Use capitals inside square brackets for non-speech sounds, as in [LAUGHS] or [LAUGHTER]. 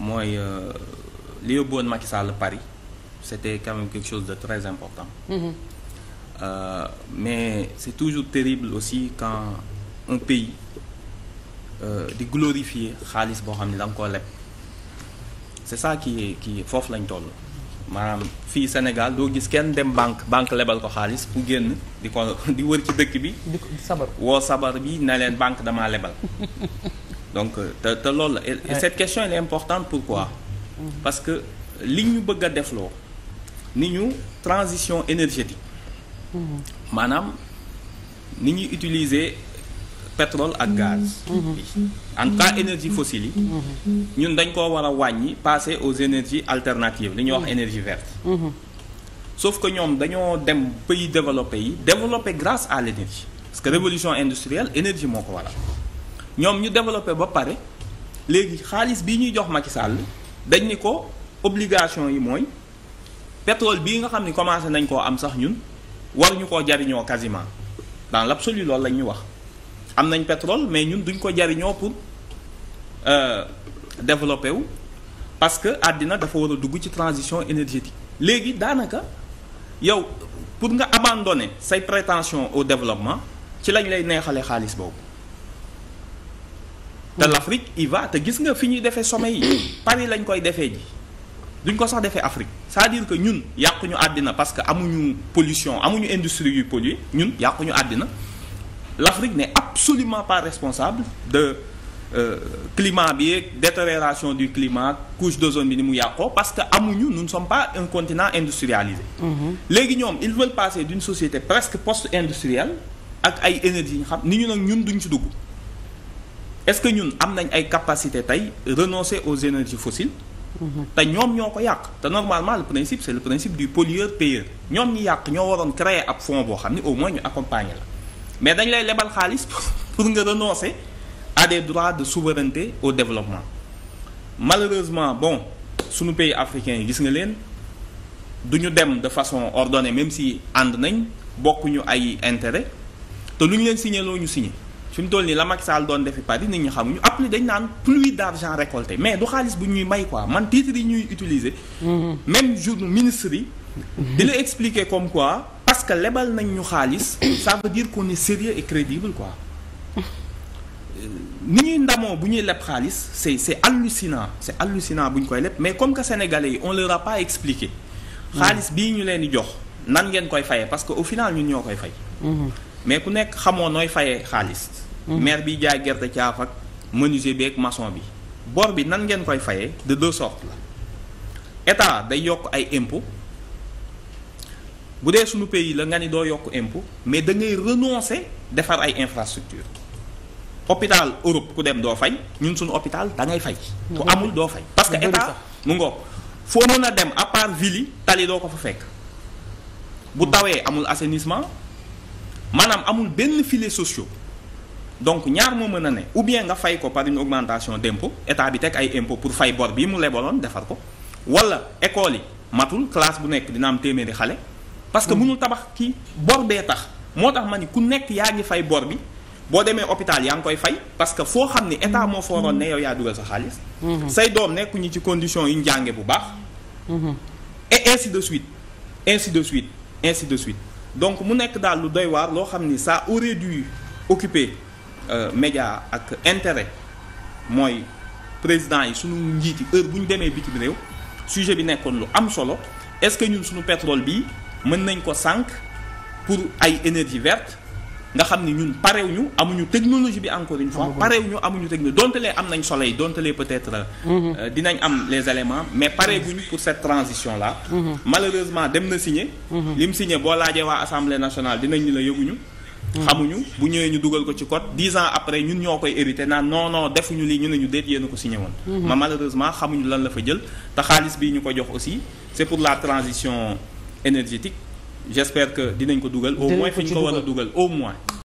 mooy euh, li yóbbuwoon Macky Sall Paris c'était quand même quelque chose de très important mm-hmm. mais c'est toujours terrible aussi quand un pays euh, di glorifier xaalis boo xam ne da nga koo leb c'est ça qui qui foofu lañ toll maanaam fii Sénégal doo gis kenn dem banque banque lebal ko xaalis bu génn di ko di wër ci dëkk bi. di ko sabar woo sabar bi na leen banque damaa lebal. [LAUGHS] donc euh, te te loolu la et cette question elle est importante pourquoi parce que li ñu bëgg a defloo ni ñu transition énergétique maanaam ni ñuy utiliser pétrole ak gaz en tout cas énergie fossile yi ñun dañ koo war a wàññi passer aux énergies alternatives li ñu wax énergie verte sauf ko ñoom dañoo dem pays développe yi développé grâce à l'énergie parce que révolution industrielle énergie moo ko waral ñoom ñu développé ba pare léegi xaalis bi ñuy jox Macky Sall dañ ni ko obligation yi mooy pétrole bii nga xam ni commencé nañ koo am sax ñun war ñu koo jariñoo quasiment dans l'absolu loolu la ñuy wax am nañ pétrole mais ñun duñ ko jariñoo pour euh, développer wu parce que àddina dafa war a dugg ci transition énergétique léegi daanaka yow pour nga abandonner say prétention au développement ci lañ lay neexalee xaalis boobu te l'Afrique il va te gis nga fi ñuy defee sommet yi [COUGHS] Paris lañ koy defee ji duñ ko sax defee Afrique cest dire que ñun yàquñu àddina parce que amuñu pollution amuñu industrie yuy polluer ñun yàquñu àddina l'Afrique n'est absolument pas responsable de euh, climat bi détérioration du climat couche d'ozone bi ni mu yàqoo parce que amuñu nous ne sommes pas un continent industrialisé mm-hmm. léegi ñoom ils veulent passer d'une société presque post-industrielle ak ay énergie yi xam ni ñu nag ñun duñ ci dugg est-ce que ñun am nañ ay capacité tey renoncer aux énergies fossiles mhm. te ñoom ñoo ko yàq te normalement le principe c'est le principe du pollueur payeur ñoom ñi yàq ñoo waroon créer ab fonds boo xam ne au moins ñu accompagner la mais dañu lay lebal xaalis [LAUGHS] pour nga renoncer à des droits de souveraineté au développement malheureusement bon sunu pays africain yi gis nga leen du ñu dem de façon ordonnée même si ànd nañ bokkuñu ay intérêt te lu ñu leen signé loo ñu signé fi mu toll nii la Macky Sall doon defi Paris nit ñi xamuñu appli dañ naan pluie d' argent récolté mais du xaalis bu ñuy may quoi man titres yi ñuy utiliser. Mm-hmm. même jour ministre yi. di la expliquer comme quoi parce que lebal nañ ñu xaalis ça veut dire qu'on est sérieux et quoi euh, ni ñuy ndamoo bu ñuy leb xaalis c' est c' est hallucinant bu ñu koy leb mais comme que sénégalais yi on leur a pas expliqué. Mm-hmm. xaalis bii ñu leen di jox nan ngeen koy fayee parce que au final ñoo koy fay. Mm-hmm. mais ku nekk xamoo nooy fayee xaalis. maire hmm. bi jaay gerte caaf ak menuisier bi ak maçon bi bor bi nan ngeen koy fayee de deux sortes la état day yokk ay impôts bu dee suñu pays la nga ni doo yokk impôt mais da ngay renoncer defar ay infrastructure hôpital Europe ku dem doo fay ñun suñu hôpital da ngay fay ku hmm. amul doo fay parce que état mu ngoog foo mën a dem à part ville yi tali doo ko fu fekk bu tawee amul assainissement maanaam amul benn file sociaux donc ñaar moo mën a ne ou bien nga fay ko par une augmentation d' impôt état bi teg ay impôt pour fay bor bi mu lebaloon defar ko wala école yi matul classe bu nekk dina téeméeri xale parce que mm. mënul tabax kii bor bee tax moo tax ma ni ku nekk yaa ngi fay bor bi boo demee hôpital yaa ngi koy fay parce que foo xam ne état moo fooroon ne yow yaa dugal sa xaalis mm-hmm. say doom nekkuñu ci condition yu ñu bu baax mm-hmm. et ainsi de suite ainsi de suite ainsi de suite donc mu nekk daal lu doy waar loo xam ni ça aurait dû occuper euh, média ak intérêt mooy président yi suñu njiiti heure bu ñu demee bitim réew sujet bi nekkoon lu am solo est-ce que ñun suñu pétrole bi mën nañ ko sànq pour ay énergie verte nga xam ni ñun parew ñu amuñu technologie bi encore une fois parew ñu amuñu technologie donte lee am nañ soleil donte lee peut-être euh, mhm. euh, dinañ am les éléments mais pareguñu pour cette transition là mhm. malheureusement dem na signé mhm. li mu signé boo laajee waa assemblée nationale dinañ ñu la yëguñu xamuñu bu ñëwee ñu dugal ko ci code dix ans après ñun ñoo koy hérité naan non non defuñu lii ñu ne ñu déet yéen ko signé woon ma malheureusement xamuñu lan la fa jël te xaalis bii ñu ko jox aussi c'est pour la transition énergétique j'espère que dinañ ko dugal. au moins fi ñu ko war a dugal au moins.